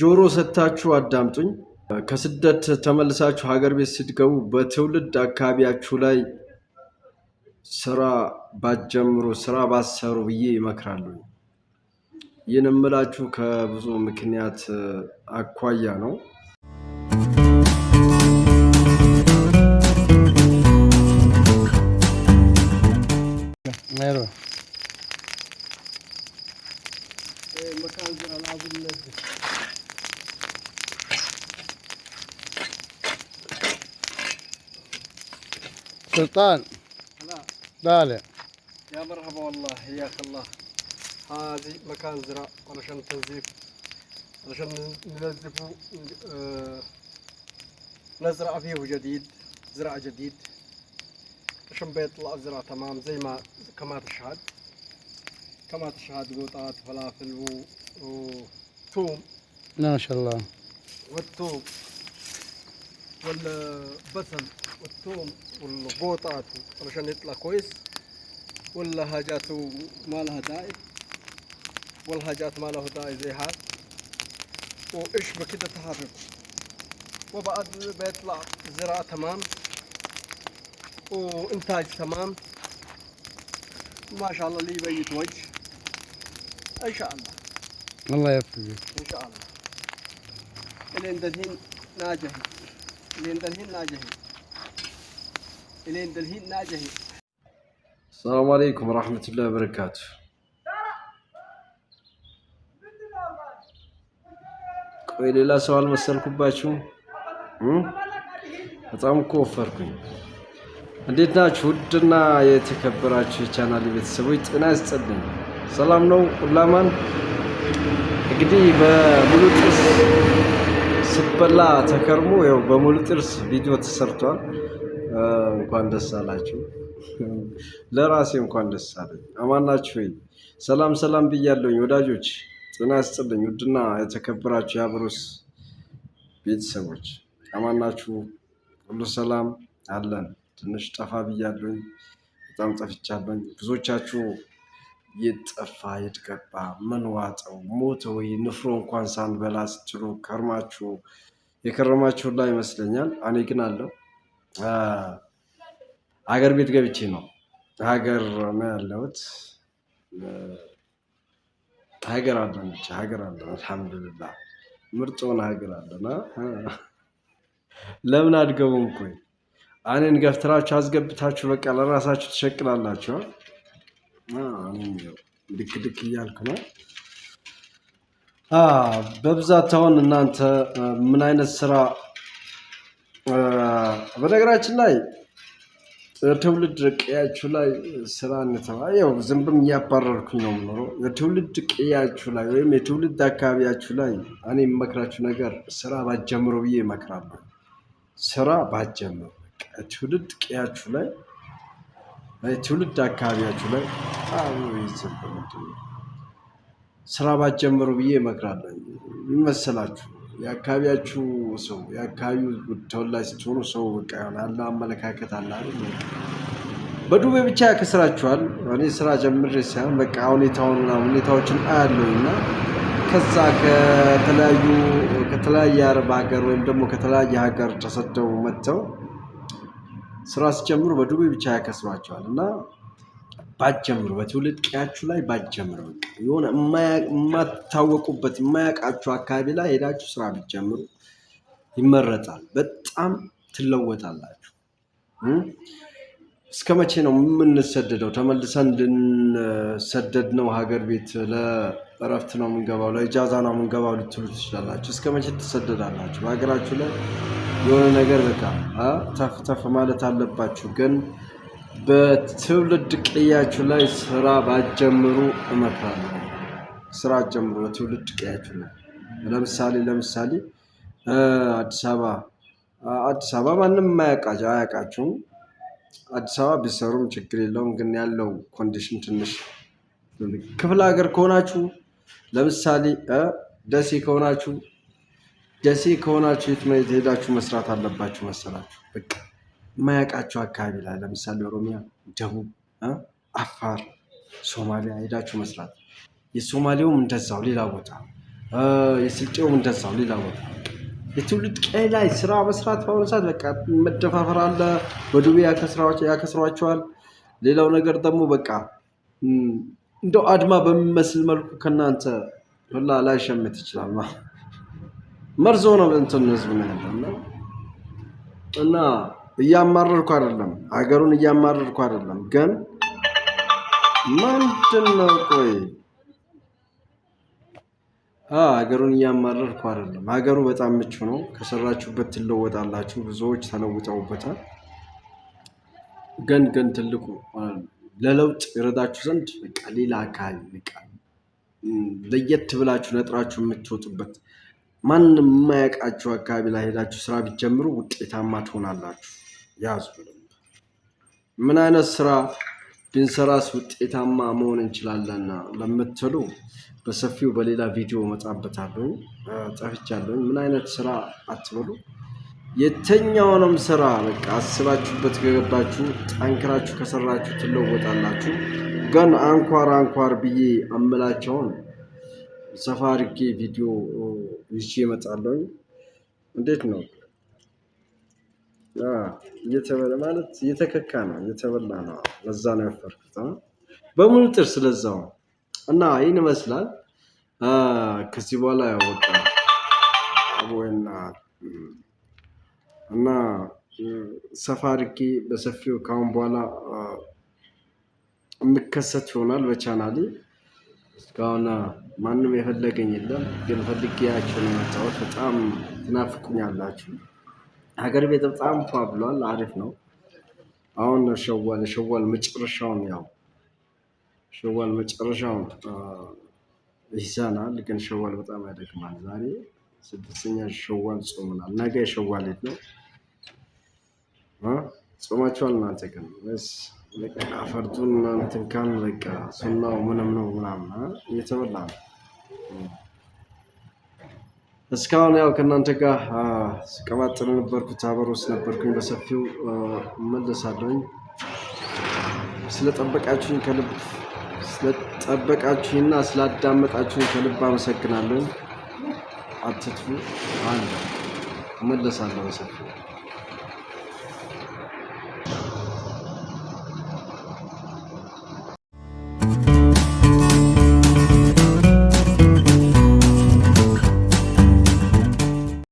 ጆሮ ሰጥታችሁ አዳምጡኝ። ከስደት ተመልሳችሁ ሀገር ቤት ስትገቡ በትውልድ አካባቢያችሁ ላይ ስራ ባትጀምሩ ስራ ባትሰሩ ብዬ ይመክራሉ። ይህን የምላችሁ ከብዙ ምክንያት አኳያ ነው። سلطان لا لا يا مرحبا والله حياك الله هذه مكان زراعة علشان تنظيف علشان ننظفه آه، نزرع فيه جديد زراعة جديد عشان بيطلع زراعة تمام زي ما كما تشهد كما تشهد قوطات فلافل و... وثوم ما شاء الله والثوم والبصل والثوم والبوطات علشان يطلع كويس ولا واللهجاته ما لها داعي والهجات ما له داعي زي هذا وايش بكده تهرب وبعد بيطلع الزراعة تمام وإنتاج تمام ما شاء الله لي بيت وجه إن شاء الله الله يوفقك إن شاء الله اللي الين دهين ناجحين عند الهين ناجحين ሰላሙ አለይኩም ረህመቱላህ በረካቱ። ቆይ ሌላ ሰው አልመሰልኩባችሁ በጣም እኮ ወፈርኩኝ። እንዴት ናችሁ? ውድና የተከበራችሁ የቻናል ቤተሰቦች ጤና ይስጥልኝ። ሰላም ነው ሁላማን። እንግዲህ በሙሉ ጥርስ ስበላ ተከርሞ ያው በሙሉ ጥርስ ቪዲዮ ተሰርቷል። እንኳን ደስ አላችሁ። ለራሴ እንኳን ደስ አለኝ። አማናችሁ ወይ? ሰላም ሰላም ብያለሁኝ ወዳጆች፣ ጤና ያስጥልኝ። ውድና የተከበራችሁ የአብሮስ ቤተሰቦች አማናችሁ ሁሉ ሰላም አለን። ትንሽ ጠፋ ብያለሁኝ፣ በጣም ጠፍቻለኝ። ብዙዎቻችሁ የጠፋ የድቀባ ምን ዋጠው ሞተ ወይ ንፍሮ እንኳን ሳንበላ ስትሉ ከርማችሁ የከረማችሁ ላይ ይመስለኛል። እኔ ግን አለው ሀገር ቤት ገብቼ ነው ሀገር ነው ያለሁት። ሀገር አለነች፣ ሀገር አለን። አልሐምዱልላ ምርጦን ሀገር አለና ለምን አድገቡም? ኮይ እኔን ገፍትራችሁ አስገብታችሁ በቃ ለራሳችሁ ትሸቅላላችሁ። ድክ ድክ እያልኩ ነው በብዛት አሁን እናንተ ምን አይነት ስራ በነገራችን ላይ የትውልድ ቀያችሁ ላይ ስራ እንተባ ያው ዝም እያባረርኩኝ ነው የምኖረው። የትውልድ ቀያችሁ ላይ ወይም የትውልድ አካባቢያችሁ ላይ እኔ የምመክራችሁ ነገር ስራ ባጀምረው ብዬ እመክራለሁ። ስራ ባጀምረው ትውልድ ቀያችሁ ላይ ትውልድ አካባቢያችሁ ላይ ስራ ባጀምረው ብዬ እመክራለሁ። ይመስላችሁ የአካባቢያችሁ ሰው የአካባቢው ተወላጅ ስትሆኑ ሰው በቃ የሆነ አመለካከት አለ አይደል? በዱቤ ብቻ ያከስራችኋል። እኔ ስራ ጀምሬ ሳይሆን በቃ ሁኔታውንና ሁኔታዎችን አያለው እና ከዛ ከተለያዩ ከተለያየ አረብ ሀገር ወይም ደግሞ ከተለያየ ሀገር ተሰደው መጥተው ስራ ሲጀምሩ በዱቤ ብቻ ያከስሯቸዋል እና ባጀምሩ በትውልድ ቀያችሁ ላይ ባጀምሩ የሆነ የማታወቁበት የማያውቃችሁ አካባቢ ላይ ሄዳችሁ ስራ ቢጀምሩ ይመረጣል። በጣም ትለወጣላችሁ። እስከ መቼ ነው የምንሰደደው? ተመልሰን ልንሰደድ ነው ሀገር ቤት? ለእረፍት ነው የምንገባው? ለእጃዛ ነው የምንገባው ልትሉ ትችላላችሁ። እስከ መቼ ትሰደዳላችሁ? በሀገራችሁ ላይ የሆነ ነገር በቃ ተፍ ተፍ ማለት አለባችሁ ግን በትውልድ ቀያችሁ ላይ ስራ ባጀምሩ እመክራለሁ። ስራ አጀምሩ በትውልድ ቀያችሁ ላይ። ለምሳሌ ለምሳሌ አዲስ አበባ አዲስ አበባ ማንም አያውቃችሁም። አዲስ አበባ ቢሰሩም ችግር የለውም፣ ግን ያለው ኮንዲሽን ትንሽ ክፍለ ሀገር ከሆናችሁ ለምሳሌ ደሴ ከሆናችሁ ደሴ ከሆናችሁ የት ሄዳችሁ መስራት አለባችሁ መሰላችሁ በቃ የማያውቃቸው አካባቢ ላይ ለምሳሌ ኦሮሚያ፣ ደቡብ፣ አፋር፣ ሶማሊያ ሄዳችሁ መስራት የሶማሌውም እንደዛው ሌላ ቦታ፣ የስልጤውም እንደዛው ሌላ ቦታ የትውልድ ቀይ ላይ ስራ መስራት በአሁኑ ሰዓት በቃ መደፋፈር አለ። በዱቤ ያከስሯቸዋል። ሌላው ነገር ደግሞ በቃ እንደው አድማ በሚመስል መልኩ ከእናንተ ሁላ ላይሸምት ይችላል። መርዞ ነው እንትን ህዝብ ነው እና እያማረርኩ አይደለም፣ ሀገሩን እያማረርኩ አይደለም። ግን ምንድን ነው ቆይ ሀገሩን እያማረርኩ አይደለም። ሀገሩ በጣም ምቹ ነው። ከሰራችሁበት ትለወጣላችሁ። ብዙዎች ተለውጠውበታል። ግን ግን ትልቁ ለለውጥ ይረዳችሁ ዘንድ በቃ ሌላ አካል በቃ ለየት ብላችሁ ነጥራችሁ የምትወጡበት ማንም የማያውቃችሁ አካባቢ ላይ ሄዳችሁ ስራ ቢጀምሩ ውጤታማ ትሆናላችሁ። ያዙ። ምን አይነት ስራ ብንሰራስ ውጤታማ መሆን እንችላለን ለምትሉ በሰፊው በሌላ ቪዲዮ መጣበታለሁ። ጠፍቻለሁ። ምን አይነት ስራ አትበሉ። የተኛውንም ስራ በቃ አስባችሁበት ከገባችሁ ጠንክራችሁ ከሰራችሁ ትለወጣላችሁ። ግን አንኳር አንኳር ብዬ አምላቸውን ሰፋ አድርጌ ቪዲዮ ይዤ እመጣለሁ። እንዴት ነው እየተበለ ማለት እየተከካ ነው፣ እየተበላ ነው። ለዛ ነው ያፈርኩት በሙሉ ጥርስ ለዛው። እና ይህን ይመስላል። ከዚህ በኋላ ያወጣ አቦና እና ሰፋ አድርጌ በሰፊው ካሁን በኋላ የምከሰት ይሆናል በቻናሌ። እስካሁን ማንም የፈለገኝ የለም፣ ግን ፈልጌያቸው ነው በጣም ትናፍቁኛላችሁ። ሀገር ቤት በጣም ፏ ብሏል። አሪፍ ነው። አሁን ሸዋል ሸዋል መጨረሻውን ያው ሸዋል መጨረሻውን ይዛናል፣ ግን ሸዋል በጣም ያደግማል ዛሬ ስድስተኛ ሸዋል ጾምናል። ነገ የሸዋል ሄድ ነው። ጾማችኋል እናንተ ግን ፈርዱን እንትን ካል በቃ ሱናው ምንም ነው ምናምን እየተበላ ነው እስካሁን ያው ከእናንተ ጋር ስቀባጥር ነበርኩት። አበሮ ውስጥ ነበርኩኝ። በሰፊው መለሳለኝ። ስለጠበቃችሁኝ ከልብ ስለጠበቃችሁኝና ስላዳመጣችሁኝ ከልብ አመሰግናለሁ። አትትፉ አንድ መለሳለሁ በሰፊው